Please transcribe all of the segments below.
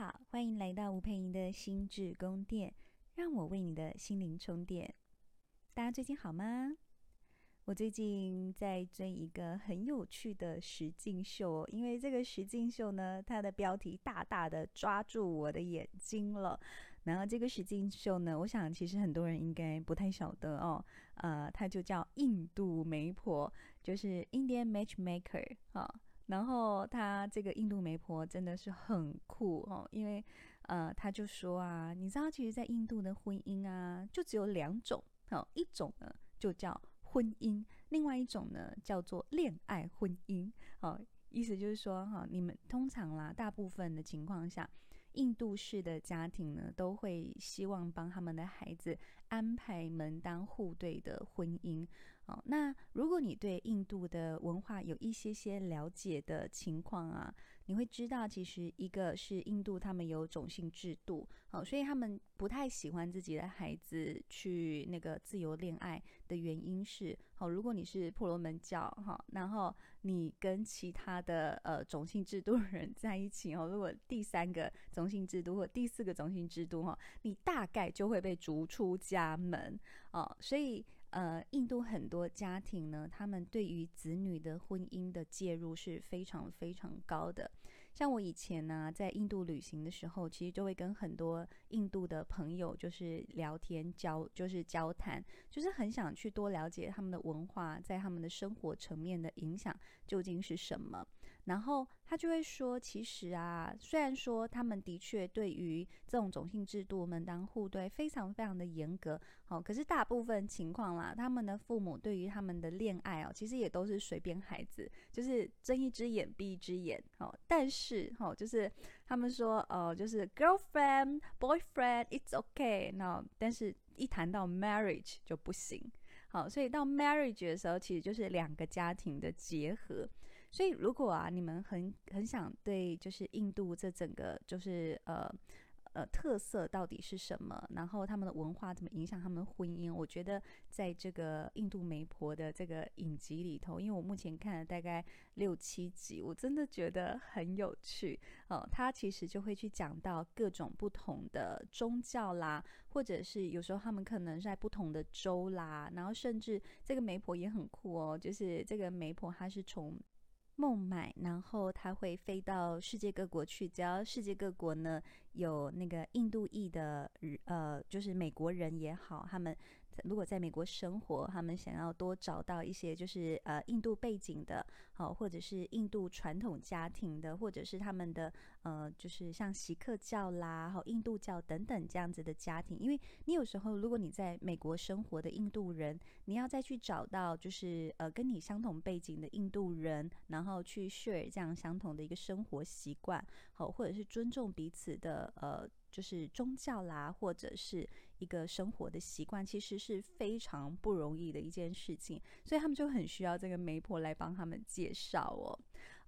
好，歡迎來到吳姵瑩的心智宮殿，讓我為你的心靈充電。大家最近好嗎？我最近在追一個很有趣的實境秀，因為這個實境秀呢，它的標題大大的抓住我的眼睛了。然後這個實境秀呢，我想其實很多人應該不太曉得哦，呃，它就叫印度媒婆，就是 Indian Matchmaker 啊、哦。然後他這個印度媒婆真的是很酷哦，因為，呃，他就說啊，你知道，其實，在印度的婚姻啊，就只有兩種哦，一種呢就叫婚姻，另外一種呢叫做戀愛婚姻。好，哦，意思就是說哈，哦，你們通常啦，大部分的情況下，印度式的家庭呢，都會希望幫他們的孩子安排門當戶對的婚姻。哦、那如果你對印度的文化有一些些了解的情況啊，你會知道，其實一個是印度他們有種姓制度，好、哦，所以他們不太喜歡自己的孩子去那個自由戀愛的原因是，好、哦，如果你是婆羅門教哈、哦，然後你跟其他的呃種姓制度的人在一起哦，如果第三個種姓制度或第四個種姓制度哈、哦，你大概就會被逐出家門哦，所以。呃，印度很多家庭呢，他們對於子女的婚姻的介入是非常非常高的。像我以前呢、啊，在印度旅行的時候，其實就會跟很多印度的朋友就是聊天，交，就是交談，就是很想去多了解他們的文化，在他們的生活層面的影響究竟是什麼。然後他就會說：“其實啊，雖然說他們的確對於這種種姓制度、門當戶對非常非常的嚴格，哦，可是大部分情況啦，他們的父母對於他們的戀愛哦，其實也都是隨便孩子，就是睜一隻眼閉一隻眼，哦。但是，哦，就是他們說，哦、呃，就是 girlfriend boyfriend it's okay。那但是一談到 marriage 就不行，好、哦，所以到 marriage 的時候，其實就是兩個家庭的結合。”所以，如果啊，你們很很想對，就是印度這整個就是呃呃特色到底是什麼，然後他們的文化怎麼影響他們婚姻？我覺得在這個印度媒婆的這個影集裡頭，因為我目前看了大概六七集，我真的覺得很有趣哦。他其實就會去講到各種不同的宗教啦，或者是有時候他們可能是在不同的州啦，然後甚至這個媒婆也很酷哦，就是這個媒婆她是從孟買，然後他會飛到世界各國去。只要世界各國呢有那個印度裔的，呃，就是美國人也好，他們。如果在美國生活，他們想要多找到一些就是呃印度背景的，好、哦、或者是印度傳統家庭的，或者是他們的呃就是像錫克教啦、好、哦、印度教等等這樣子的家庭，因為你有時候如果你在美國生活的印度人，你要再去找到就是呃跟你相同背景的印度人，然後去 share 這樣相同的一個生活習慣，好、哦、或者是尊重彼此的呃。就是宗教啦，或者是一個生活的習慣，其實是非常不容易的一件事情，所以他們就很需要這個媒婆來幫他們介紹哦。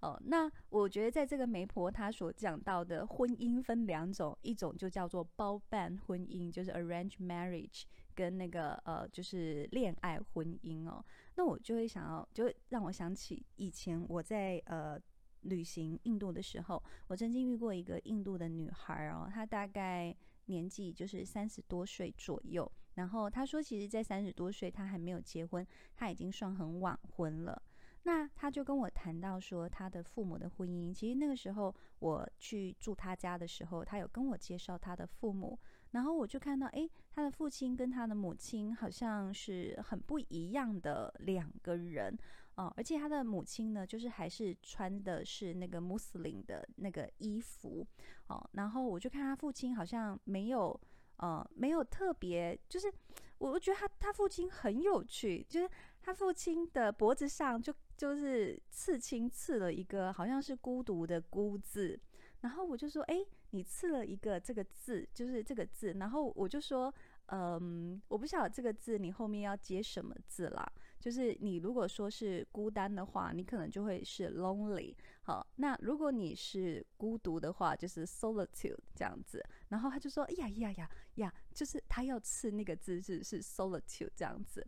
哦，那我覺得在這個媒婆她所講到的婚姻分兩種，一種就叫做包辦婚姻，就是 arrange marriage，跟那個呃就是戀愛婚姻哦。那我就會想要，就讓我想起以前我在呃。旅行印度的時候，我曾經遇過一個印度的女孩兒哦，她大概年紀就是三十多歲左右。然後她說，其實，在三十多歲，她還沒有結婚，她已經算很晚婚了。那她就跟我談到說，她的父母的婚姻，其實那個時候我去住她家的時候，她有跟我介紹她的父母，然後我就看到，誒，她的父親跟她的母親好像是很不一樣的兩個人。哦，而且他的母親呢，就是還是穿的是那個穆斯林的那個衣服，哦，然後我就看他父親好像沒有，呃，沒有特別，就是我覺得他他父親很有趣，就是他父親的脖子上就就是刺青刺了一個好像是孤獨的孤字，然後我就說，哎，你刺了一個這個字，就是這個字，然後我就說，嗯，我不曉得這個字你後面要接什麼字啦。就是你如果說是孤單的話，你可能就會是 lonely 好。那如果你是孤獨的話，就是 solitude 這樣子。然後他就說，哎呀呀呀呀，就是他要刺那個字是 solitude 這樣子。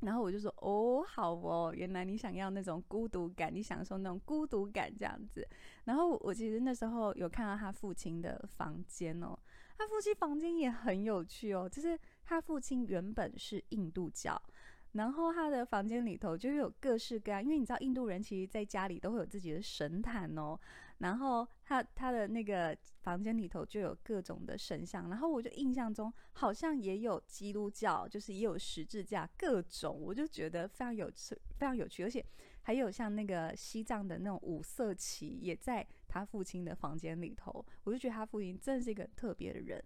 然後我就說，哦、oh，好哦，原來你想要那種孤獨感，你享受那種孤獨感這樣子。然後我，我其實那時候有看到他父親的房間哦，他父親房間也很有趣哦，就是他父親原本是印度教。然後他的房間裡頭就有各式各樣，因為你知道印度人其實在家裡都會有自己的神壇哦。然後他他的那個房間裡頭就有各種的神像，然後我就印象中好像也有基督教，就是也有十字架，各種，我就覺得非常有趣，非常有趣，而且還有像那個西藏的那種五色旗也在他父親的房間裡頭，我就覺得他父親真的是一個很特別的人。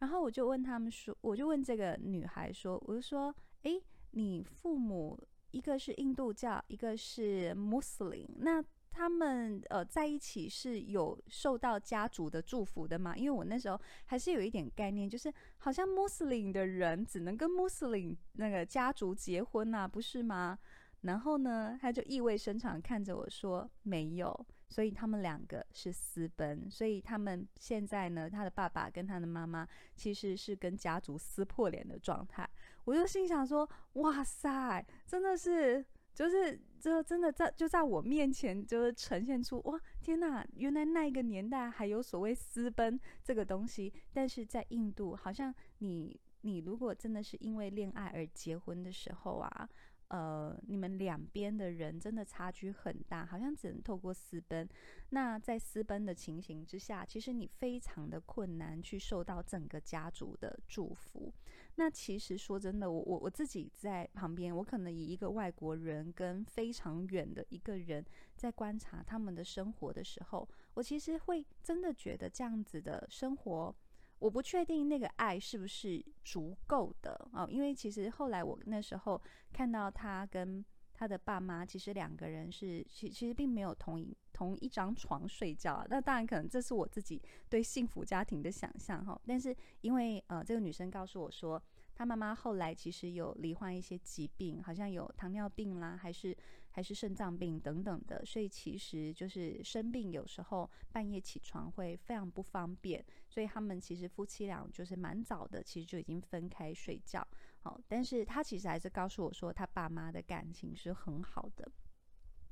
然後我就問他們說，我就問這個女孩說，我就說，哎。你父母一個是印度教，一個是穆斯林，那他們呃在一起是有受到家族的祝福的嗎？因為我那時候還是有一點概念，就是好像穆斯林的人只能跟穆斯林那個家族結婚吶、啊，不是嗎？然後呢，他就意味深長看着我說：“沒有，所以他們兩個是私奔，所以他們現在呢，他的爸爸跟他的媽媽其實是跟家族撕破臉的狀態。”我就心想說：“哇塞，真的是，就是這真的在就在我面前，就是呈現出，哇，天哪，原來那個年代還有所謂私奔這個東西，但是在印度，好像你你如果真的是因為戀愛而結婚的時候啊。”呃，你們兩邊的人真的差距很大，好像只能透過私奔，那在私奔的情形之下，其實你非常的困難去受到整個家族的祝福。那其實說真的，我我我自己在旁邊，我可能以一個外國人跟非常遠的一個人在觀察他們的生活的時候，我其實會真的覺得這樣子的生活，我不確定那個愛是不是足夠的哦，因為其實後來我那時候看到他跟他的爸媽，其實兩個人是其其實並沒有同一同一張床睡覺啊。那當然可能這是我自己對幸福家庭的想象哈。但是因為呃，這個女生告訴我說，她媽媽後來其實有罹患一些疾病，好像有糖尿病啦，還是。還是腎臟病等等的，所以其實就是生病，有時候半夜起床會非常不方便。所以他們其實夫妻倆就是蠻早的，其實就已經分開睡覺。好、哦，但是他其實還是告訴我說，他爸媽的感情是很好的。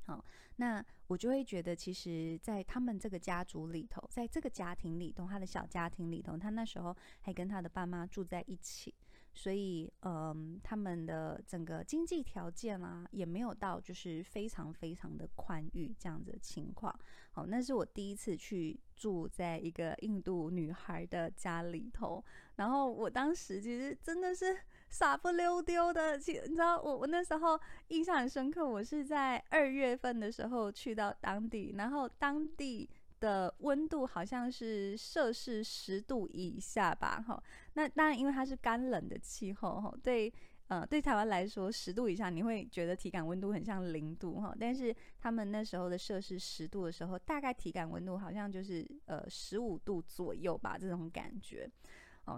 好、哦，那我就會覺得，其實，在他們這個家族裡頭，在這個家庭裡頭，他的小家庭裡頭，他那時候還跟他的爸媽住在一起。所以，嗯，他們的整個經濟條件啊，也沒有到就是非常非常的寬裕這樣子的情況。好，那是我第一次去住在一個印度女孩的家裡頭，然後我當時其實真的是傻不溜丟的，其實你知道我，我我那時候印象很深刻，我是在二月份的時候去到當地，然後當地。的溫度好像是攝氏十度以下吧，哈，那當然，因為它是乾冷的氣候，哈，對，呃，對台灣來說，十度以下你會覺得體感溫度很像零度，哈，但是他們那時候的攝氏十度的時候，大概體感溫度好像就是呃十五度左右吧，這種感覺。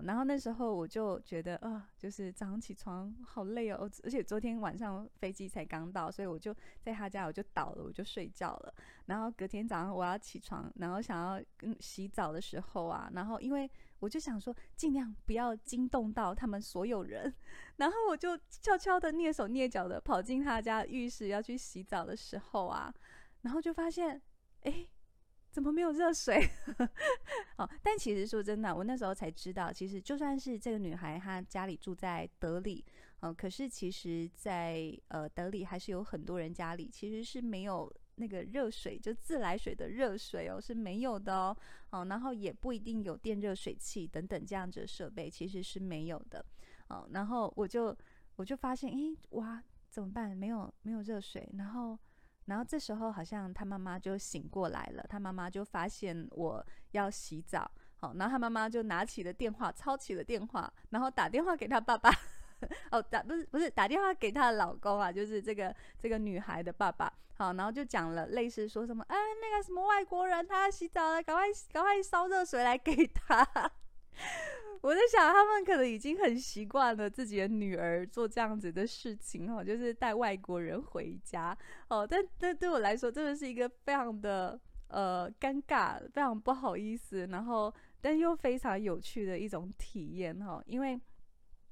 然後那時候我就覺得啊、哦，就是早上起床好累哦，而且昨天晚上飛機才剛到，所以我就在他家，我就倒了，我就睡覺了。然後隔天早上我要起床，然後想要嗯洗澡的時候啊，然後因為我就想說盡量不要驚動到他們所有人，然後我就悄悄的躡手躡腳的跑進他家浴室要去洗澡的時候啊，然後就發現哎，誒怎麼沒有熱水？ 哦，但其實說真的，我那時候才知道，其實就算是這個女孩，她家裡住在德里，哦，可是其實在，在呃德里還是有很多人家裡其實是沒有那個熱水，就自來水的熱水哦是沒有的哦，哦，然後也不一定有電熱水器等等這樣子的設備，其實是沒有的，哦，然後我就我就發現，誒，哇，怎麼辦？沒有沒有熱水，然後。然後這時候好像他媽媽就醒過來了，他媽媽就發現我要洗澡，好，然後他媽媽就拿起了電話，抄起了電話，然後打電話給他爸爸，呵呵哦，打不是不是打電話給他的老公啊，就是這個這個女孩的爸爸，好，然後就講了類似說什麼，嗯、哎，那個什麼外國人他要洗澡了，趕快趕快燒熱水來給他。我在想，他們可能已經很習慣了自己的女兒做這樣子的事情哦，就是帶外國人回家哦。但這對我來說，真的是一個非常的呃尷尬、非常不好意思，然後但又非常有趣的一種體驗哈、哦。因為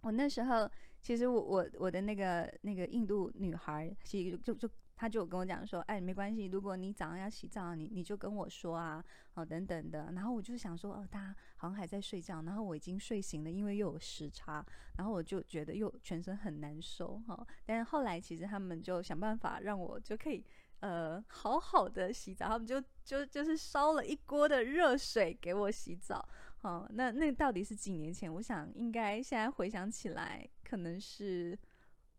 我那時候，其實我我我的那個那個印度女孩，是一個就就。就就他就跟我講說，哎，沒關係，如果你早上要洗澡，你你就跟我說啊，好、哦、等等的。然後我就想說，哦，他好像還在睡覺，然後我已經睡醒了，因為又有時差，然後我就覺得又全身很難受哈、哦。但是後來其實他們就想辦法讓我就可以呃好好的洗澡，他們就就就是燒了一鍋的熱水給我洗澡。好、哦，那那到底是幾年前？我想應該現在回想起來，可能是。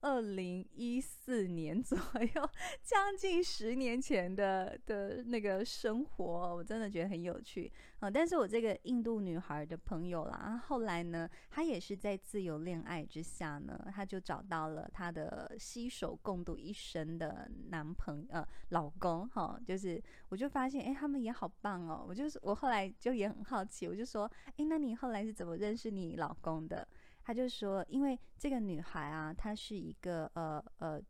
二零一四年左右，將近十年前的的那個生活，我真的覺得很有趣啊、嗯！但是我這個印度女孩的朋友啦，啊，後來呢，她也是在自由戀愛之下呢，她就找到了她的攜手共度一生的男朋友呃老公哈、哦，就是我就發現哎、欸，他們也好棒哦！我就是我後來就也很好奇，我就說哎、欸，那你後來是怎麼認識你老公的？他就說，因為這個女孩啊，她是一個呃呃，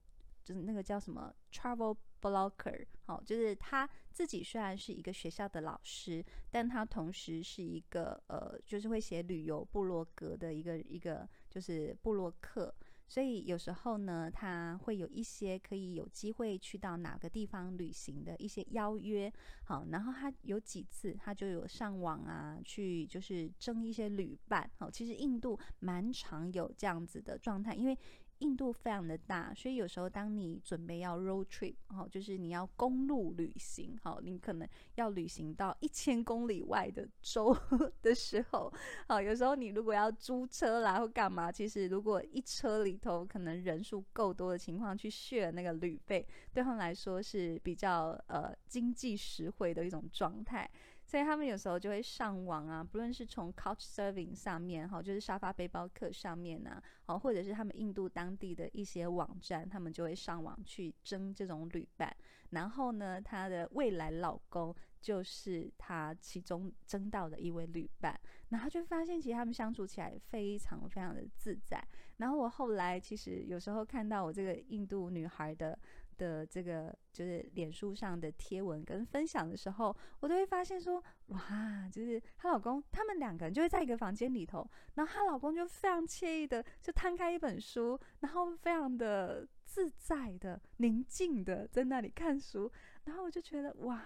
就是那個叫什麼 travel blogger 好、哦，就是她自己雖然是一個學校的老師，但她同時是一個呃，就是會寫旅遊部落格的一個一個就是部落客。所以有時候呢，他會有一些可以有機會去到哪個地方旅行的一些邀約，好，然後他有幾次他就有上網啊，去就是徵一些旅伴，好，其實印度蠻常有這樣子的狀態，因為，印度非常的大，所以有時候當你準備要 road trip 哦，就是你要公路旅行好，你可能要旅行到一千公里外的州 的時候，好，有時候你如果要租車啦或幹嘛，其實如果一車裡頭可能人數夠多的情況，去 share 那個旅費，對他們來說是比較呃經濟實惠的一種狀態。所以他們有時候就會上網啊，不論是從 Couch Surfing 上面哈，就是沙發背包客上面呢，啊，或者是他們印度當地的一些網站，他們就會上網去徵這種旅伴。然後呢，她的未來老公就是她其中徵到的一位旅伴，然後就發現其實他們相處起來非常非常的自在。然後我後來其實有時候看到我這個印度女孩的。的這個就是臉書上的貼文跟分享的時候，我都會發現說，哇，就是她老公，他們兩個人就會在一個房間裡頭，然後她老公就非常愜意的就攤開一本書，然後非常的自在的、寧靜的在那裡看書，然後我就覺得哇，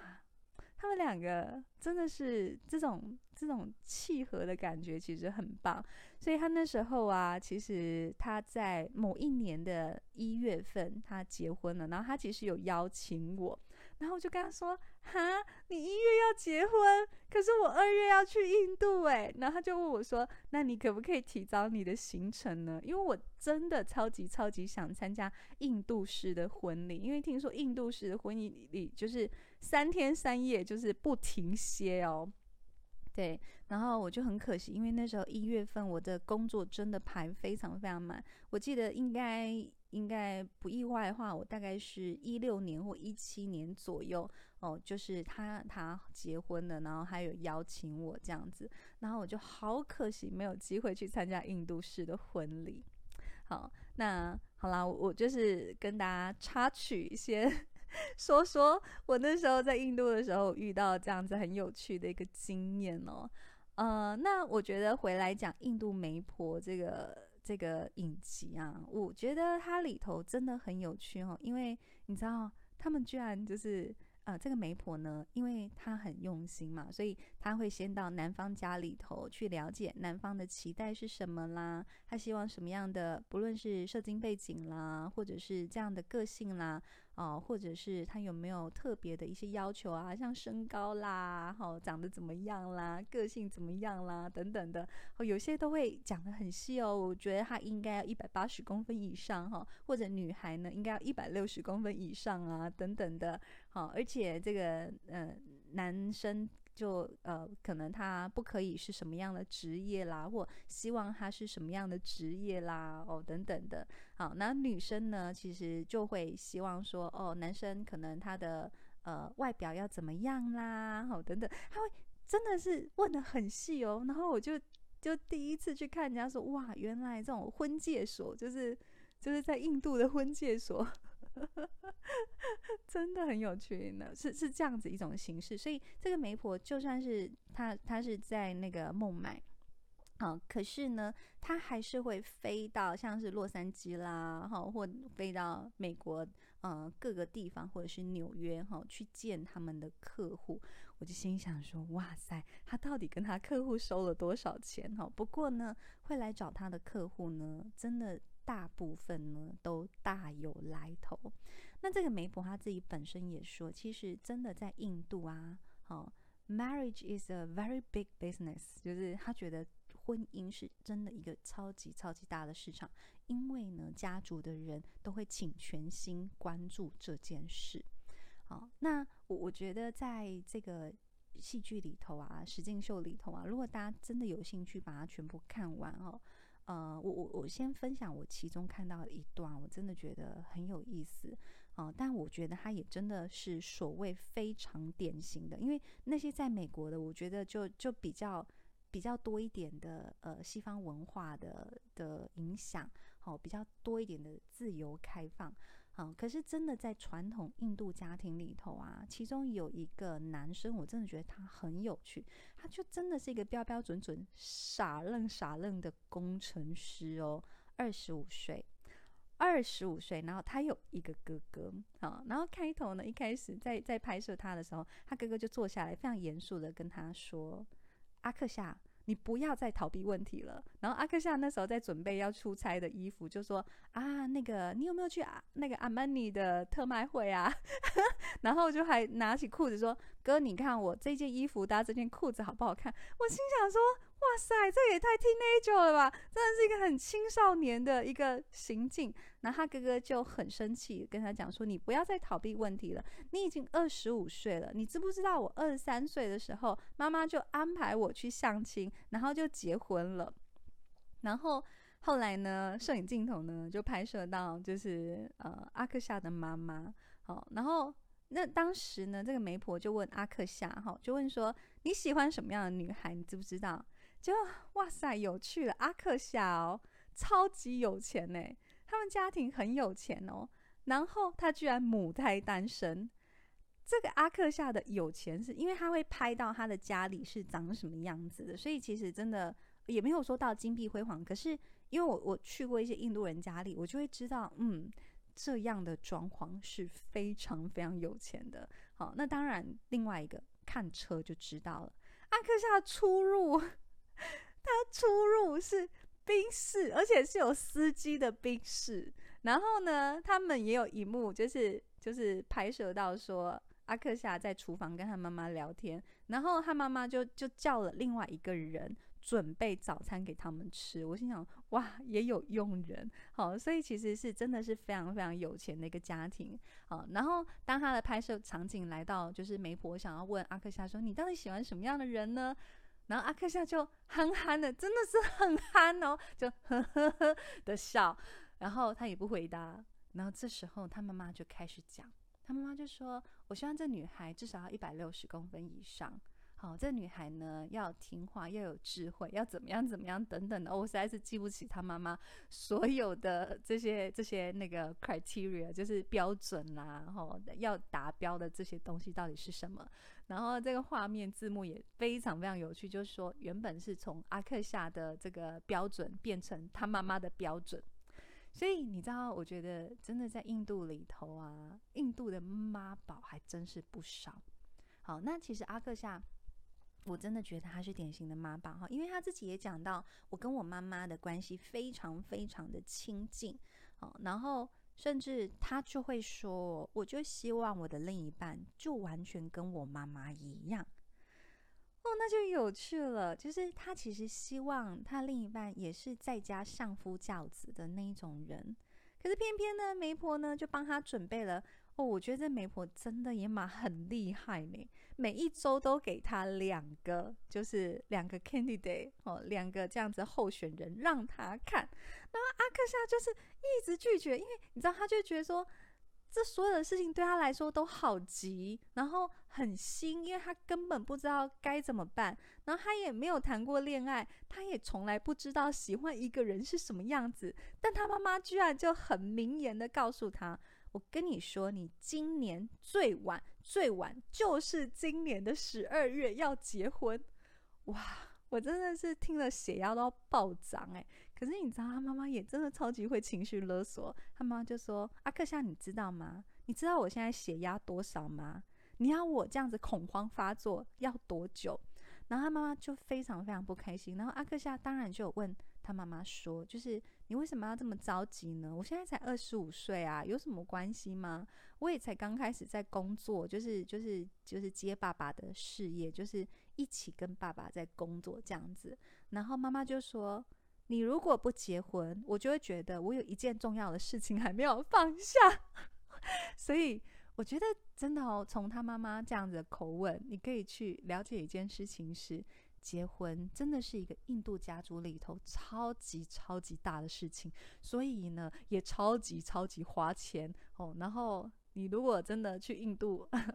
他們兩個真的是這種。這種契合的感覺其實很棒，所以他那時候啊，其實他在某一年的一月份他結婚了，然後他其實有邀請我，然後我就跟他說：“哈，你一月要結婚，可是我二月要去印度誒、欸，然後他就問我說：“那你可不可以提早你的行程呢？因為我真的超級超級想參加印度式的婚禮，因為聽說印度式的婚禮裡就是三天三夜就是不停歇哦。”對，然後我就很可惜，因為那時候一月份我的工作真的排非常非常滿。我記得應該應該不意外的話，我大概是一六年或一七年左右哦，就是他他結婚了，然後他有邀請我這樣子，然後我就好可惜沒有機會去參加印度式的婚禮。好，那好啦我，我就是跟大家插曲先。 說說我那時候在印度的時候遇到這樣子很有趣的一個經驗哦，呃，那我覺得回來講印度媒婆這個這個影集啊，我覺得它裡頭真的很有趣哦，因為你知道他們居然就是呃這個媒婆呢，因為她很用心嘛，所以她會先到男方家裡頭去了解男方的期待是什麼啦，他希望什麼樣的，不論是社經背景啦，或者是這樣的個性啦。哦，或者是他有沒有特別的一些要求啊，像身高啦，哈、哦，長得怎麼樣啦，個性怎麼樣啦，等等的，哦，有些都會講得很細哦。我覺得他應該要一百八十公分以上哈、哦，或者女孩呢，應該要一百六十公分以上啊，等等的。好、哦，而且這個，嗯、呃，男生。就呃，可能他不可以是什麼樣的職業啦，或希望他是什麼樣的職業啦，哦，等等的。好，那女生呢，其實就會希望說，哦，男生可能他的呃外表要怎麼樣啦，好、哦，等等，他會真的是問得很細哦。然後我就就第一次去看人家說，哇，原來這種婚介所就是就是在印度的婚介所。 真的很有趣呢，是是這樣子一種形式。所以這個媒婆，就算是她，她是在那個孟買，啊、哦，可是呢，她還是會飛到像是洛杉磯啦，哈、哦，或飛到美國，嗯、呃、各個地方，或者是紐約，哈、哦，去見他們的客戶。我就心想說，哇塞，她到底跟她客戶收了多少錢？哈、哦，不過呢，會來找她的客戶呢，真的。大部分呢都大有來頭。那這個媒婆她自己本身也說，其實真的在印度啊，好、哦，Marriage is a very big business，就是她覺得婚姻是真的一個超級超級大的市場，因為呢，家族的人都會請全心關注這件事。好、哦，那我我覺得在這個戲劇裡頭啊，實境秀裡頭啊，如果大家真的有興趣，把它全部看完哦。呃，我我我先分享我其中看到的一段，我真的覺得很有意思啊，哦。但我覺得它也真的是所謂非常典型的，因為那些在美國的，我覺得就就比較比較多一點的呃西方文化的的影響，哦，比較多一點的自由開放。啊、哦！可是真的在傳統印度家庭裡頭啊，其中有一個男生，我真的覺得他很有趣，他就真的是一個標標準準傻愣傻愣的工程師哦，二十五歲，二十五歲，然後他有一個哥哥，啊、哦，然後開頭呢，一開始在在拍攝他的時候，他哥哥就坐下來，非常嚴肅的跟他說：“阿克夏。”你不要再逃避問題了。然後阿克夏那時候在準備要出差的衣服，就說：“啊，那個你有沒有去啊那個阿曼尼的特賣會啊？” 然後就還拿起褲子說：“哥，你看我這件衣服搭這件褲子好不好看？”我心想說，哇塞，這也太 teenager 了吧！真的是一個很青少年的一個行徑。那他哥哥就很生氣，跟他講說：“你不要再逃避問題了。你已經二十五歲了，你知不知道？我二十三歲的時候，媽媽就安排我去相親，然後就結婚了。然後後來呢，攝影鏡頭呢就拍攝到，就是呃阿克夏的媽媽。好，然後那當時呢，這個媒婆就問阿克夏，哈，就問說：“你喜歡什麼樣的女孩？你知不知道？”就哇塞，有趣了！阿克夏哦，超級有錢呢，他們家庭很有錢哦。然後他居然母胎單身。這個阿克夏的有錢是因為他會拍到他的家裡是長什麼樣子的，所以其實真的也沒有說到金碧輝煌。可是因為我我去過一些印度人家裡，我就會知道，嗯，這樣的裝潢是非常非常有錢的。好，那當然另外一個看車就知道了，阿克夏的出入。 他出入是賓士，而且是有司機的賓士。然後呢，他們也有一幕，就是就是拍攝到說阿克夏在廚房跟他媽媽聊天，然後他媽媽就就叫了另外一個人準備早餐給他們吃。我心想，哇，也有傭人，好，所以其實是真的是非常非常有錢的一個家庭。好，然後當他的拍攝場景來到，就是媒婆想要問阿克夏說：“你到底喜歡什麼樣的人呢？”然後阿克夏就憨憨的，真的是很憨哦，就呵呵呵的笑。然後他也不回答。然後這時候他媽媽就開始講，他媽媽就說：“我希望這女孩至少要一百六十公分以上。”哦，這女孩呢要聽話，要有智慧，要怎麼樣怎麼樣等等的。哦，我實在是記不起她媽媽所有的這些這些那個 criteria，就是標準啦、啊，吼、哦，要達標的這些東西到底是什麼。然後這個畫面字幕也非常非常有趣，就是說原本是從阿克夏的這個標準變成她媽媽的標準。所以你知道，我覺得真的在印度裡頭啊，印度的媽寶還真是不少。好，那其實阿克夏。我真的覺得他是典型的媽寶哈，因為他自己也講到，我跟我媽媽的關係非常非常的親近，然後甚至他就會說，我就希望我的另一半就完全跟我媽媽一樣哦，那就有趣了。就是他其實希望他另一半也是在家相夫教子的那一種人，可是偏偏呢，媒婆呢，就幫他準備了。哦，我覺得這媒婆真的也蠻很厲害呢，每一周都給他兩個，就是兩個 candidate 哦，兩個這樣子候選人讓他看。然後阿克夏就是一直拒絕，因為你知道，他就覺得說，這所有的事情對他來說都好急，然後很新，因為他根本不知道該怎麼辦。然後他也沒有談過戀愛，他也從來不知道喜歡一個人是什麼樣子。但他媽媽居然就很明言的告訴他。我跟你說，你今年最晚最晚就是今年的十二月要結婚，哇！我真的是聽了血壓都暴漲哎。可是你知道他媽媽也真的超級會情緒勒索，他媽媽就說：“阿克夏，你知道嗎？你知道我現在血壓多少嗎？你要我這樣子恐慌發作要多久？”然後他媽媽就非常非常不開心，然後阿克夏當然就有問。他媽媽說：“就是你為什麼要這麼着急呢？我現在才二十五歲啊，有什麼關係嗎？我也才剛開始在工作，就是就是就是接爸爸的事業，就是一起跟爸爸在工作這樣子。然後媽媽就說：‘你如果不結婚，我就會覺得我有一件重要的事情還沒有放下。’所以我覺得真的哦，從他媽媽這樣子的口吻，你可以去了解一件事情是。”結婚真的是一個印度家族裡頭超級超級大的事情，所以呢，也超級超級花錢哦。然後你如果真的去印度，呵呵，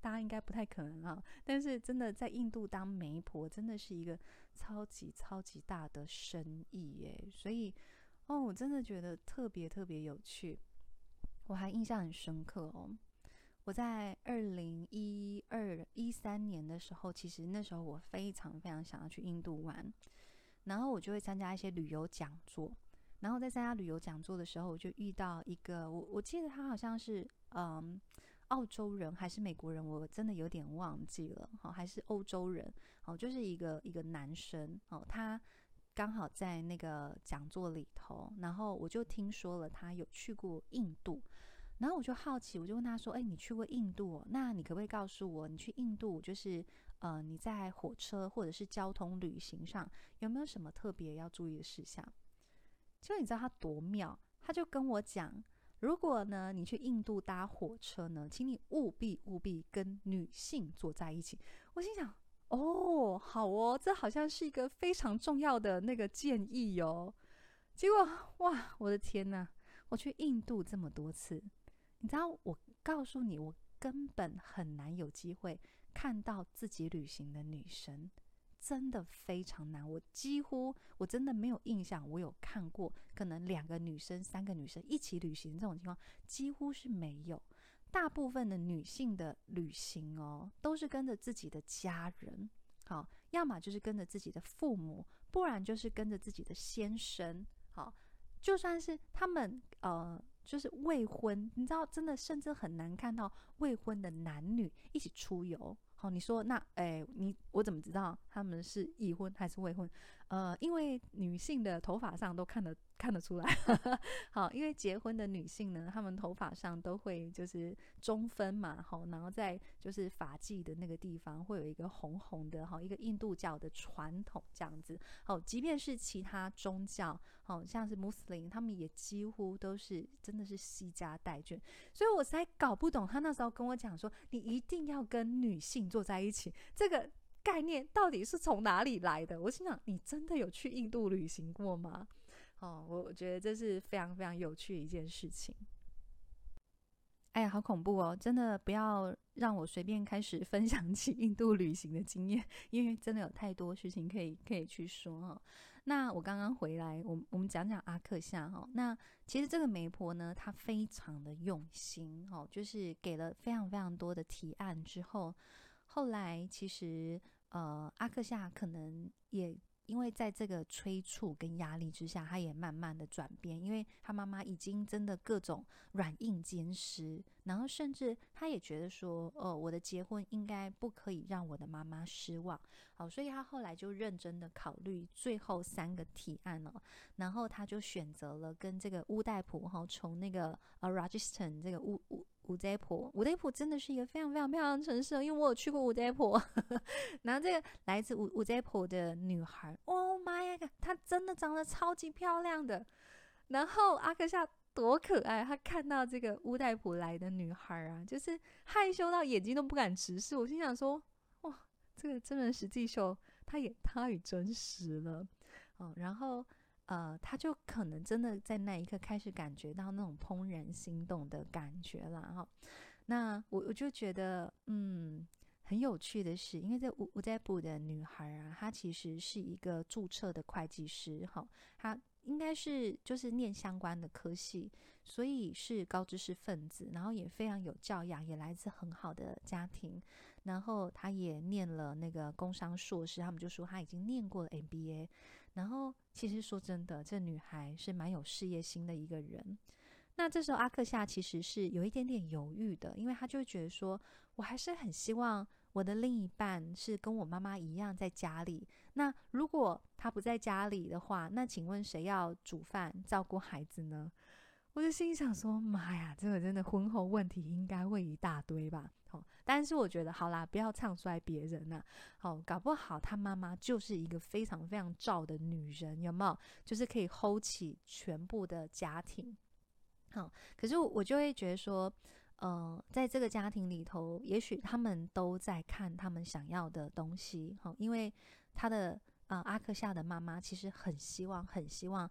大家應該不太可能啊，哦。但是真的在印度當媒婆，真的是一個超級超級大的生意耶。所以哦，我真的覺得特別特別有趣，我還印象很深刻哦。我在二零一第三年的時候，其實那時候我非常非常想要去印度玩，然後我就會參加一些旅遊講座，然後在參加旅遊講座的時候，我就遇到一個，我我記得他好像是嗯，澳洲人還是美國人，我真的有點忘記了，好，哦，還是歐洲人，哦，就是一個一個男生，哦，他剛好在那個講座裡頭，然後我就聽說了他有去過印度。然後我就好奇，我就問他說：“哎，你去過印度哦，那你可不可以告訴我，你去印度就是呃，你在火車或者是交通旅行上有沒有什麼特別要注意的事項？”結果你知道他多妙，他就跟我講：“如果呢，你去印度搭火車呢，請你務必務必跟女性坐在一起。”我心想：“哦，好哦，這好像是一個非常重要的那個建議哦。”結果哇，我的天哪！我去印度這麼多次。你知道我告訴你，我根本很難有機會看到自己旅行的女生，真的非常難。我幾乎我真的沒有印象，我有看過可能兩個女生、三個女生一起旅行這種情況幾乎是沒有。大部分的女性的旅行哦，都是跟着自己的家人，好，要麼就是跟着自己的父母，不然就是跟着自己的先生。好，就算是他們呃。就是未婚，你知道，真的甚至很難看到未婚的男女一起出遊。好，你說那，誒、欸，你我怎麼知道他們是已婚還是未婚？呃，因為女性的頭髮上都看得看得出來， 好，因為結婚的女性呢，她們頭髮上都會就是中分嘛，吼，然後在就是髮髻的那個地方會有一個紅紅的，吼，一個印度教的傳統這樣子，好，即便是其他宗教，好像是穆斯林，他們也幾乎都是真的是攜家帶眷，所以我才搞不懂他那時候跟我講說，你一定要跟女性坐在一起，這個概念到底是從哪裡來的？我心想，你真的有去印度旅行過嗎？哦，我我覺得這是非常非常有趣的一件事情。哎呀，好恐怖哦！真的不要讓我隨便開始分享起印度旅行的經驗，因為真的有太多事情可以可以去說哈、哦。那我剛剛回來，我們我們講講阿克夏哈、哦。那其實這個媒婆呢，她非常的用心哦，就是給了非常非常多的提案之後，後來其實呃，阿克夏可能也。因為在這個催促跟壓力之下，他也慢慢的轉變，因為他媽媽已經真的各種軟硬兼施，然後甚至他也覺得說，呃、哦，我的結婚應該不可以讓我的媽媽失望，好，所以他後來就認真的考慮最後三個提案了，然後他就選擇了跟這個烏代普哈，從那個呃 Rajasthan 這個烏烏。烏代浦，烏代浦真的是一個非常非常漂亮的城市，因為我有去過烏代浦。然後這個來自烏烏代浦的女孩哦，媽呀，她真的長得超級漂亮的。然後阿克夏多可愛，他看到這個烏代浦來的女孩啊，就是害羞到眼睛都不敢直視。我心想說，哇，這個真人實境秀，她也太真實了。哦，然後。呃，他就可能真的在那一刻開始感覺到那種怦然心動的感覺了哈。那我我就覺得，嗯，很有趣的是，因為在烏代布的女孩啊，她其實是一個注冊的會計師哈，她應該是就是念相關的科系，所以是高知識分子，然後也非常有教養，也來自很好的家庭，然後她也念了那個工商碩士，他們就說她已經念過了 MBA。然後，其實說真的，這女孩是蠻有事業心的一個人。那這時候，阿克夏其實是有一點點猶豫的，因為他就會覺得說，我還是很希望我的另一半是跟我媽媽一樣在家裡。那如果她不在家裡的話，那請問誰要煮飯、照顧孩子呢？我就心想說：“媽呀，這個真的婚後問題應該會一大堆吧？哦、但是我覺得好啦，不要唱衰別人吶、啊。好、哦，搞不好他媽媽就是一個非常非常罩的女人，有沒有？就是可以 hold 起全部的家庭。好、哦，可是我就會覺得說，呃，在這個家庭裡頭，也許他們都在看他們想要的東西。哦、因為他的啊、呃，阿克夏的媽媽其實很希望，很希望。”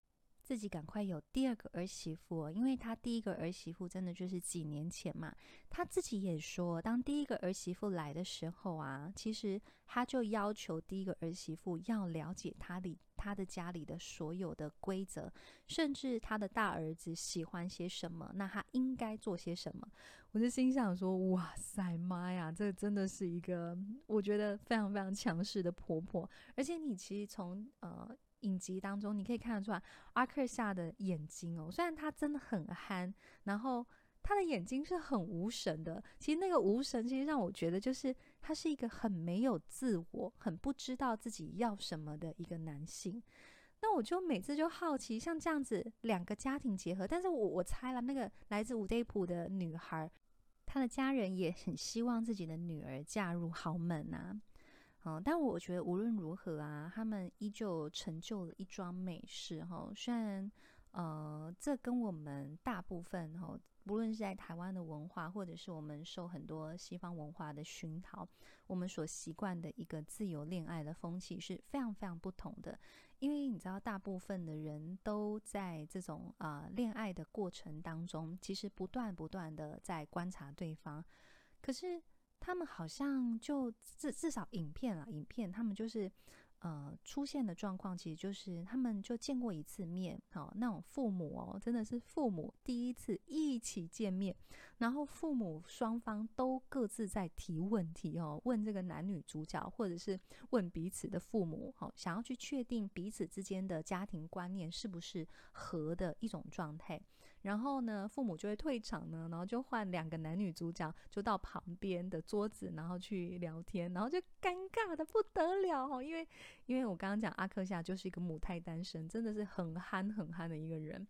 自己趕快有第二個兒媳婦哦，因為他第一個兒媳婦真的就是幾年前嘛，他自己也說，當第一個兒媳婦來的時候啊，其實他就要求第一個兒媳婦要了解他裡他的家裡的所有的規則，甚至他的大兒子喜歡些什麼，那他應該做些什麼。我就心想說，哇塞，媽呀，這真的是一個我覺得非常非常強勢的婆婆，而且你其實從呃，影集當中，你可以看得出來，阿克夏的眼睛哦，雖然他真的很憨，然後他的眼睛是很無神的。其實那個無神，其實讓我覺得就是他是一個很沒有自我、很不知道自己要什麼的一個男性。那我就每次就好奇，像這樣子兩個家庭結合，但是我我猜了，那個來自烏代浦的女孩，她的家人也很希望自己的女兒嫁入豪門啊。嗯，但我覺得無論如何啊，他們依舊成就了一樁美事哈。雖然，呃，這跟我們大部分哈，無論是在台灣的文化，或者是我們受很多西方文化的燻陶，我們所習慣的一個自由戀愛的風氣是非常非常不同的。因為你知道，大部分的人都在這種啊戀愛的過程當中，其實不斷不斷的在觀察對方，可是。他們好像就至至少影片了，影片他們就是，呃，出現的狀況其實就是他們就見過一次面，哦，那種父母哦，真的是父母第一次一起見面，然後父母雙方都各自在提問題哦，問這個男女主角或者是問彼此的父母，哦，想要去確定彼此之間的家庭觀念是不是合的一種狀態。然後呢，父母就會退場呢，然後就換兩個男女主角，就到旁邊的桌子，然後去聊天，然後就尷尬的不得了哦。因為，因為我剛剛講阿克夏就是一個母胎單身，真的是很憨很憨的一個人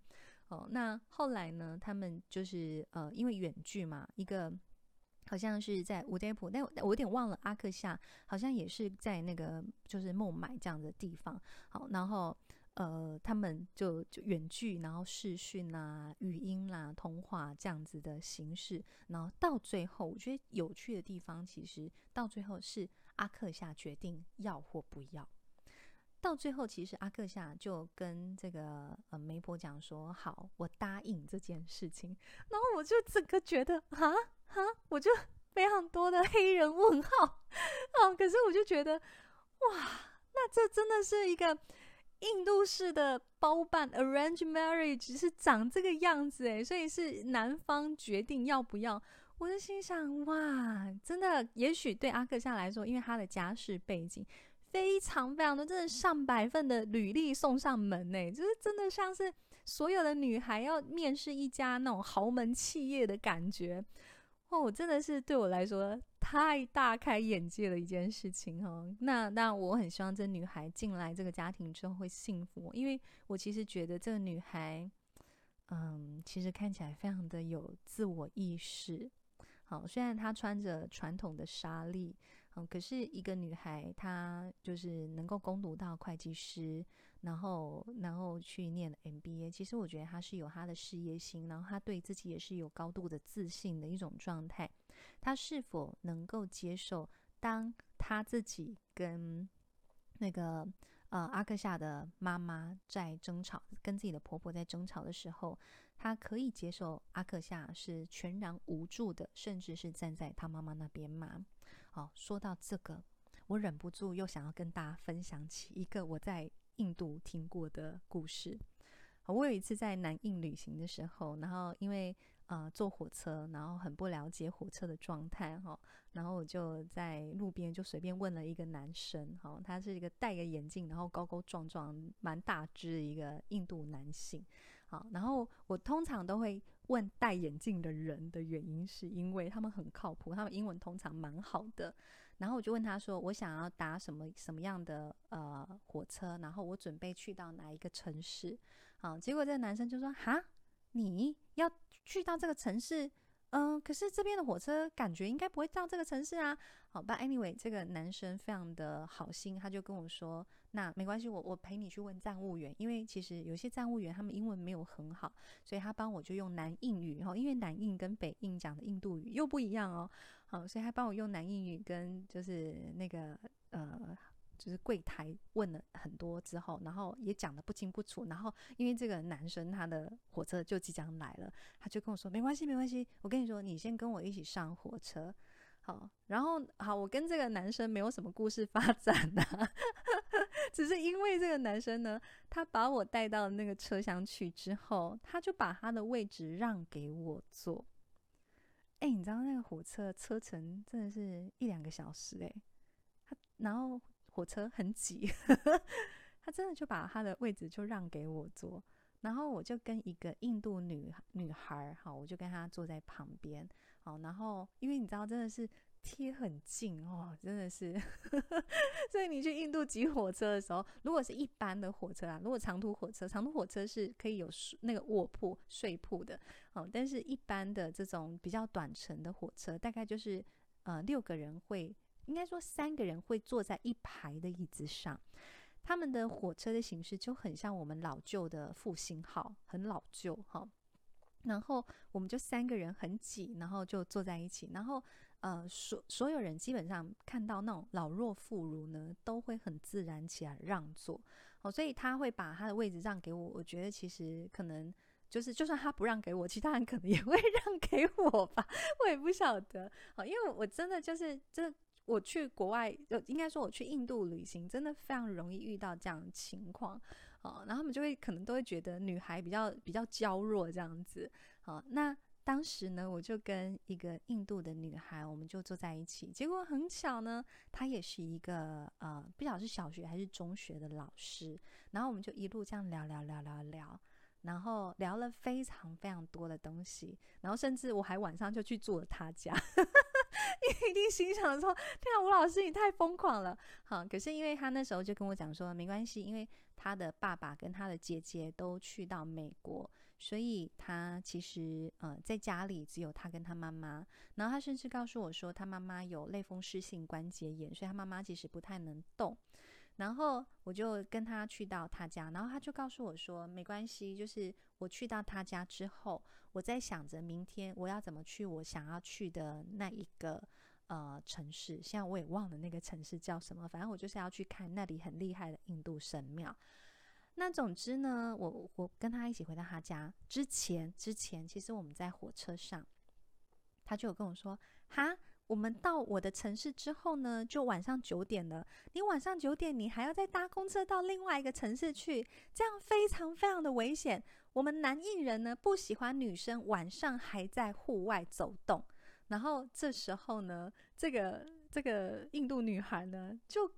哦。那後來呢，他們就是呃，因為遠距嘛，一個好像是在烏代普，但我有點忘了，阿克夏好像也是在那個就是孟買這樣的地方。好，然後。呃，他們就就遠距，然後視訊啊、語音啦、啊、通話、啊、這樣子的形式，然後到最後，我覺得有趣的地方，其實到最後是阿克夏決定要或不要。到最後，其實阿克夏就跟這個呃媒婆講說：“好，我答應這件事情。”然後我就整個覺得啊啊，我就非常多的黑人問號啊！可是我就覺得哇，那這真的是一個。印度式的包辦 arranged marriage 是長這個樣子誒，所以是男方決定要不要。我就心想，哇，真的，也許對阿克夏來說，因為他的家世背景非常非常多，真的上百份的履歷送上門呢，就是真的像是所有的女孩要面試一家那種豪門企業的感覺。哦，真的是對我來說。太大開眼界了一件事情哈、哦，那那我很希望這女孩進來這個家庭之後會幸福，因為我其實覺得這個女孩，嗯，其實看起來非常的有自我意識。好，雖然她穿着傳統的紗麗，嗯，可是一個女孩她就是能夠攻讀到會計師，然後然後去念 MBA，其實我覺得她是有她的事業心，然後她對自己也是有高度的自信的一種狀態。他是否能夠接受，當他自己跟那個呃阿克夏的媽媽在爭吵，跟自己的婆婆在爭吵的時候，他可以接受阿克夏是全然無助的，甚至是站在他媽媽那邊嗎？好、哦，說到這個，我忍不住又想要跟大家分享起一個我在印度聽過的故事。我有一次在南印旅行的時候，然後因為啊、呃，坐火車，然後很不了解火車的狀態哈、哦，然後我就在路邊就隨便問了一個男生，哈、哦，他是一個戴個眼鏡，然後高高壯壯、蠻大只一個印度男性，好、哦，然後我通常都會問戴眼鏡的人的原因，是因為他們很靠譜，他們英文通常蠻好的，然後我就問他說，我想要搭什麼什麼樣的呃火車，然後我準備去到哪一個城市，啊、哦，結果這個男生就說，哈，你。要去到這個城市，嗯，可是這邊的火車感覺應該不會到這個城市啊。好吧，anyway，這個男生非常的好心，他就跟我說，那沒關係，我我陪你去問站務員，因為其實有些站務員他們英文沒有很好，所以他幫我就用南印語，吼，因為南印跟北印講的印度語又不一樣哦。好，所以他幫我用南印語跟就是那個呃。就是櫃台問了很多之後，然後也講得不清不楚，然後因為這個男生他的火車就即將來了，他就跟我說：“沒關係，沒關係。”我跟你說，你先跟我一起上火車，好。然後，好，我跟這個男生沒有什麼故事發展啊， 只是因為這個男生呢，他把我帶到那個車廂去之後，他就把他的位置讓給我坐。欸，你知道那個火車車程真的是一兩個小時欸，他然後。火車很擠，他真的就把他的位置就讓給我坐，然後我就跟一個印度女女孩，好，我就跟她坐在旁邊，好，然後因為你知道真的是貼很近哦，真的是呵呵，所以你去印度擠火車的時候，如果是一般的火車啊，如果長途火車，長途火車是可以有那個臥鋪、睡鋪的，好，但是一般的這種比較短程的火車，大概就是呃六個人會。應該說，三個人會坐在一排的椅子上，他們的火車的形式就很像我們老舊的復興號，很老舊哈。然後我們就三個人很擠，然後就坐在一起。然後，呃，所所有人基本上看到那種老弱婦孺呢，都會很自然起來讓座。哦，所以他會把他的位置讓給我。我覺得其實可能就是，就算他不讓給我，其他人可能也會讓給我吧。我也不曉得。好，因為我真的就是這。我去國外，應該說我去印度旅行，真的非常容易遇到這樣的情況，哦，然後他們就會可能都會覺得女孩比較比較嬌弱這樣子，哦，那當時呢，我就跟一個印度的女孩，我們就坐在一起，結果很巧呢，她也是一個呃，不曉得是小學還是中學的老師，然後我們就一路這樣聊聊聊聊聊，然後聊了非常非常多的東西，然後甚至我還晚上就去住了她家。 你一定心想說：“天啊，吳老師你太瘋狂了！”好，可是因為他那時候就跟我講說：“沒關係，因為他的爸爸跟他的姐姐都去到美國，所以他其實呃在家裡只有他跟他媽媽。然後他甚至告訴我說，他媽媽有類風濕性關節炎，所以他媽媽其實不太能動。”然後我就跟他去到他家，然後他就告訴我說：“沒關係，就是我去到他家之後，我在想着明天我要怎麼去我想要去的那一個呃城市。現在我也忘了那個城市叫什麼，反正我就是要去看那裡很厲害的印度神廟。那總之呢，我我跟他一起回到他家之前之前，之前其實我們在火車上，他就有跟我說：哈。”我們到我的城市之後呢，就晚上九點了。你晚上九點，你還要再搭公車到另外一個城市去，這樣非常非常的危險。我們南印人呢，不喜歡女生晚上還在戶外走動。然後這時候呢，這個這個印度女孩呢，就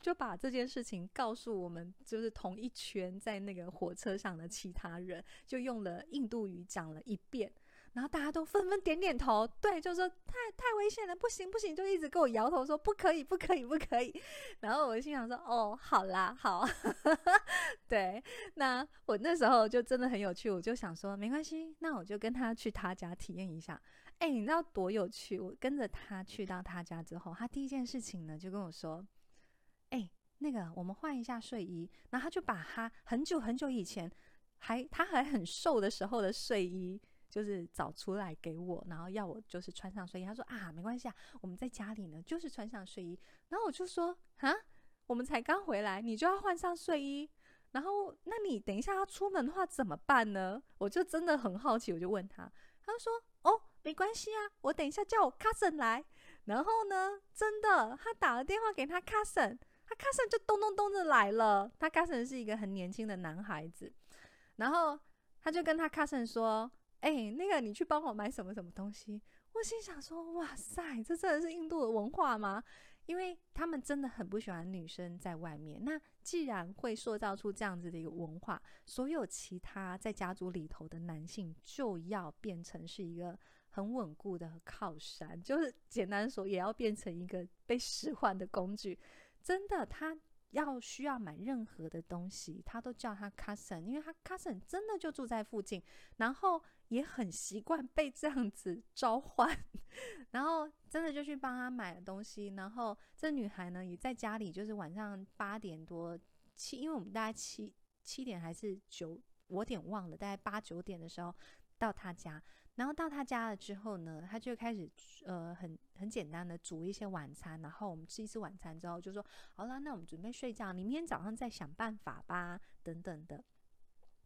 就把這件事情告訴我們，就是同一圈在那個火車上的其他人，就用了印度語講了一遍。然後大家都紛紛點點頭，對，就說太太危險了，不行不行，就一直跟我搖頭說不可以不可以不可以。然後我心想說哦，好啦好， 對。那我那時候就真的很有趣，我就想說沒關係，那我就跟他去他家體驗一下。哎，你知道多有趣？我跟着他去到他家之後，他第一件事情呢就跟我說：“哎，那個我們換一下睡衣。”然後他就把他很久很久以前還他還很瘦的時候的睡衣。就是找出來給我，然後要我就是穿上睡衣。他說啊，沒關係啊，我們在家裡呢，就是穿上睡衣。然後我就說啊，我們才剛回來，你就要換上睡衣？然後那你等一下要出門的話怎麼辦呢？我就真的很好奇，我就問他，他就說哦，沒關係啊，我等一下叫我 cousin 來。然後呢，真的他打了電話給他 cousin，他 cousin 就咚咚咚的來了。他 cousin 是一個很年輕的男孩子，然後他就跟他 cousin 說。哎、欸，那個，你去幫我買什麼什麼東西？我心想說，哇塞，這真的是印度的文化嗎？因為他們真的很不喜歡女生在外面。那既然會塑造出這樣子的一個文化，所有其他在家族裡頭的男性就要變成是一個很穩固的靠山，就是簡單說，也要變成一個被使喚的工具。真的，他要需要買任何的東西，他都叫他 cousin，因為他 cousin 真的就住在附近，然後也很習慣被這樣子召喚，然後真的就去幫他買了東西。然後這女孩呢，也在家裡，就是晚上八點多七，7, 因為我們大概七七點還是九，我有點忘了，大概八九點的時候到他家。然後到他家了之後呢，他就開始呃很很簡單的煮一些晚餐，然後我們吃一次晚餐之後就說好了，那我們準備睡覺，你明天早上再想辦法吧，等等的，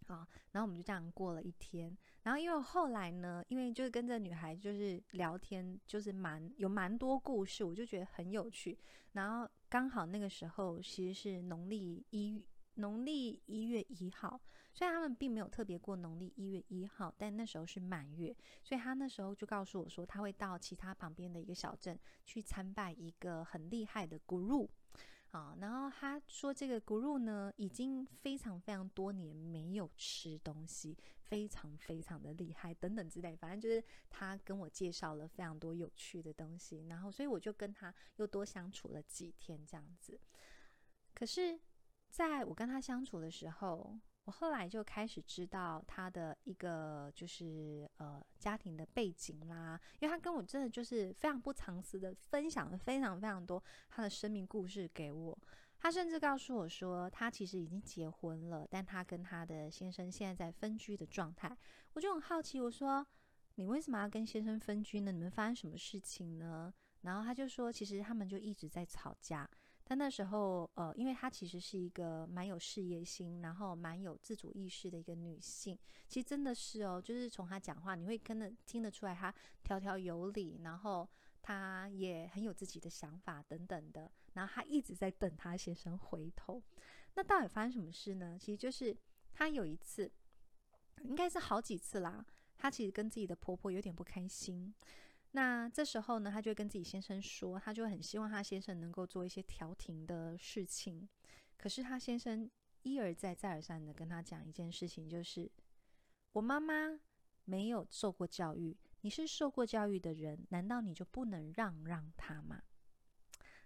好，然後我們就這樣過了一天。然後因為後來呢，因為就是跟著女孩就是聊天，就是蠻有蠻多故事，我就覺得很有趣。然後剛好那個時候其實是農曆一農曆一月一號。雖然他們並沒有特別過農曆一月一號，但那時候是滿月，所以他那時候就告訴我說，他會到其他旁邊的一個小鎮去參拜一個很厲害的 guru，啊，然後他說這個 guru 呢，已經非常非常多年沒有吃東西，非常非常的厲害，等等之類的，反正就是他跟我介紹了非常多有趣的東西，然後所以我就跟他又多相處了幾天這樣子，可是在我跟他相處的時候。我後來就開始知道他的一個就是呃家庭的背景啦，因為他跟我真的就是非常不藏私的分享了非常非常多他的生命故事給我。他甚至告訴我說他其實已經結婚了，但他跟他的先生現在在分居的狀態。我就很好奇，我說你為什麼要跟先生分居呢？你們發生什麼事情呢？然後他就說其實他們就一直在吵架。但那時候，呃，因為她其實是一個蠻有事業心，然後蠻有自主意識的一個女性。其實真的是哦，就是從她講話，你會跟的聽得出來，她條條有理，然後她也很有自己的想法等等的。然後她一直在等她先生回頭。那到底發生什麼事呢？其實就是她有一次，應該是好幾次啦，她其實跟自己的婆婆有點不開心。那這時候呢，她就會跟自己先生說，她就很希望她先生能夠做一些調停的事情。可是她先生一而再、再而三的跟她講一件事情，就是我媽媽沒有受過教育，你是受過教育的人，難道你就不能讓讓她嗎？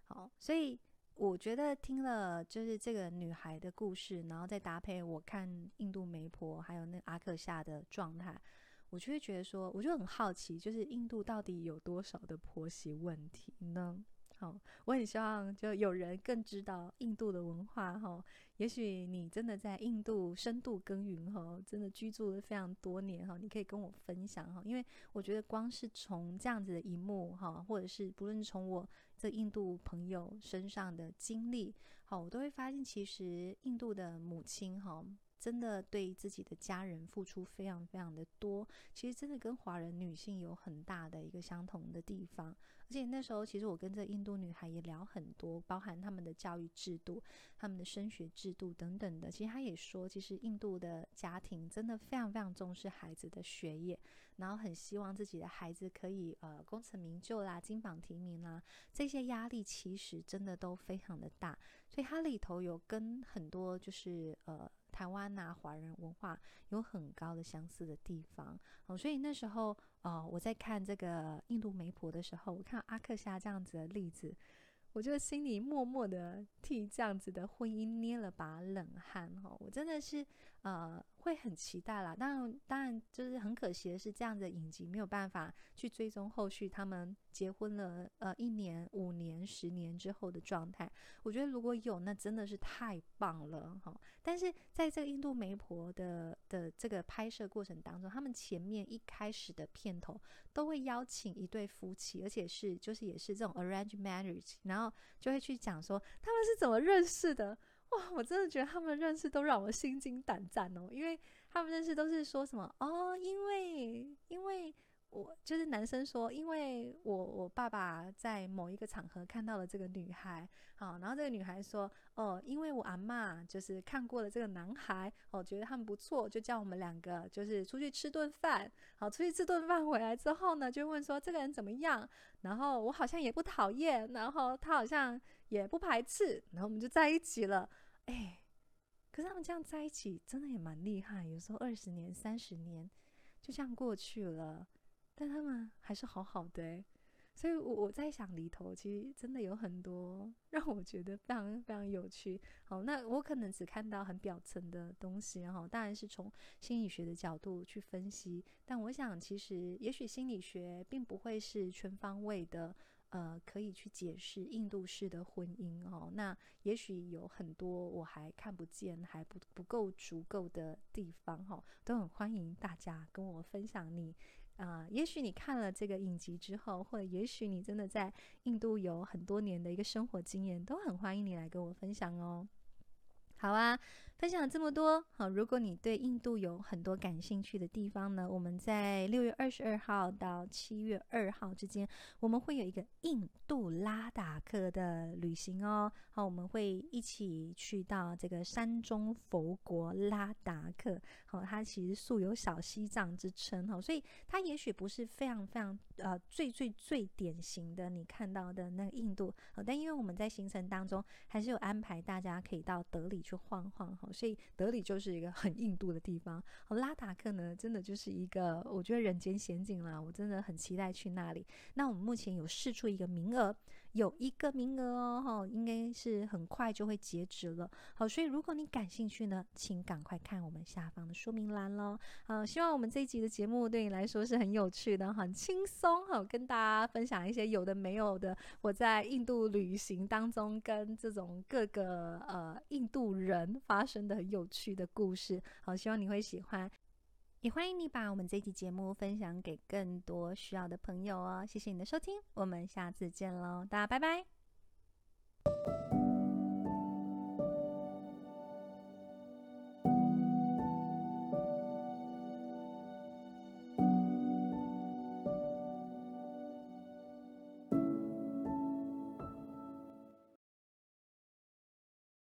好，所以我覺得聽了就是這個女孩的故事，然後再搭配我看印度媒婆，還有那個阿克夏的狀態。我就會覺得說，我就很好奇，就是印度到底有多少的婆媳問題呢？好，我很希望就有人更知道印度的文化哈。也許你真的在印度深度耕耘哈，真的居住了非常多年哈，你可以跟我分享哈，因為我覺得光是從這樣子的一幕哈，或者是不論從我這印度朋友身上的經歷好，我都會發現其實印度的母親哈。真的對自己的家人付出非常非常的多，其實真的跟華人女性有很大的一個相同的地方。而且那時候，其實我跟這印度女孩也聊很多，包含他們的教育制度、他們的升學制度等等的。其實她也說，其實印度的家庭真的非常非常重視孩子的學業，然後很希望自己的孩子可以呃功成名就啦、金榜題名啦，這些壓力其實真的都非常的大。所以她裡頭有跟很多就是呃。台灣吶、啊，華人文化有很高的相似的地方、哦、所以那時候、呃，我在看這個印度媒婆的時候，我看阿克夏這樣子的例子，我就心裡默默的替這樣子的婚姻捏了把冷汗哈、哦，我真的是。呃，會很期待啦，當然當然就是很可惜的是，這樣的影集沒有辦法去追蹤後續他們結婚了，呃，一年、五年、十年之後的狀態。我覺得如果有，那真的是太棒了哈、哦。但是在這個印度媒婆的的這個拍攝過程當中，他們前面一開始的片頭都會邀請一對夫妻，而且是就是也是這種 arranged marriage，然後就會去講說他們是怎麼認識的。哇、哦，我真的覺得他們的認識都讓我心驚膽戰哦，因為他們認識都是說什麼哦，因為因為我就是男生說，因為我我爸爸在某一個場合看到了這個女孩，好、哦，然後這個女孩說，哦，因為我阿嬤就是看過了這個男孩，哦，覺得他們不錯，就叫我們兩個就是出去吃頓飯，好、哦，出去吃頓飯回來之後呢，就問說這個人怎麼樣，然後我好像也不討厭，然後他好像也不排斥，然後我們就在一起了。哎、欸，可是他們這樣在一起，真的也蠻厲害。有時候二十年、三十年就這樣過去了，但他們還是好好的、欸。所以我，我我在想裡頭，其實真的有很多讓我覺得非常非常有趣。好，那我可能只看到很表層的東西，然後當然是從心理學的角度去分析。但我想，其實也許心理學並不會是全方位的。呃，可以去解釋印度式的婚姻哦。那也許有很多我還看不見、還不不夠足夠的地方哈、哦，都很歡迎大家跟我分享你啊、呃。也許你看了這個影集之後，或者也許你真的在印度有很多年的一個生活經驗，都很歡迎你來跟我分享哦。好啊。分享了這麼多，好，如果你對印度有很多感興趣的地方呢，我們在六月二十二號到七月二號之間，我們會有一個印度拉達克的旅行哦。好，我們會一起去到這個山中佛國拉達克，好，它其實素有小西藏之稱哈，所以它也許不是非常非常呃最最最典型的你看到的那個印度，但因為我們在行程當中還是有安排，大家可以到德里去晃晃所以德里就是一個很印度的地方，好，拉達克呢，真的就是一個我覺得人間仙境啦，我真的很期待去那裡。那我們目前有釋出一個名額。有一個名額哦，齁，應該是很快就會截止了。好，所以如果你感興趣呢，請趕快看我們下方的說明欄嘍。好，希望我們這一集的節目對你來說是很有趣的、很輕鬆。哈，跟大家分享一些有的沒有的，我在印度旅行當中跟這種各個呃印度人發生的很有趣的故事。好，希望你會喜歡。也歡迎你把我們這期節目分享給更多需要的朋友哦，謝謝你的收聽，我們下次見嘍，大家拜拜。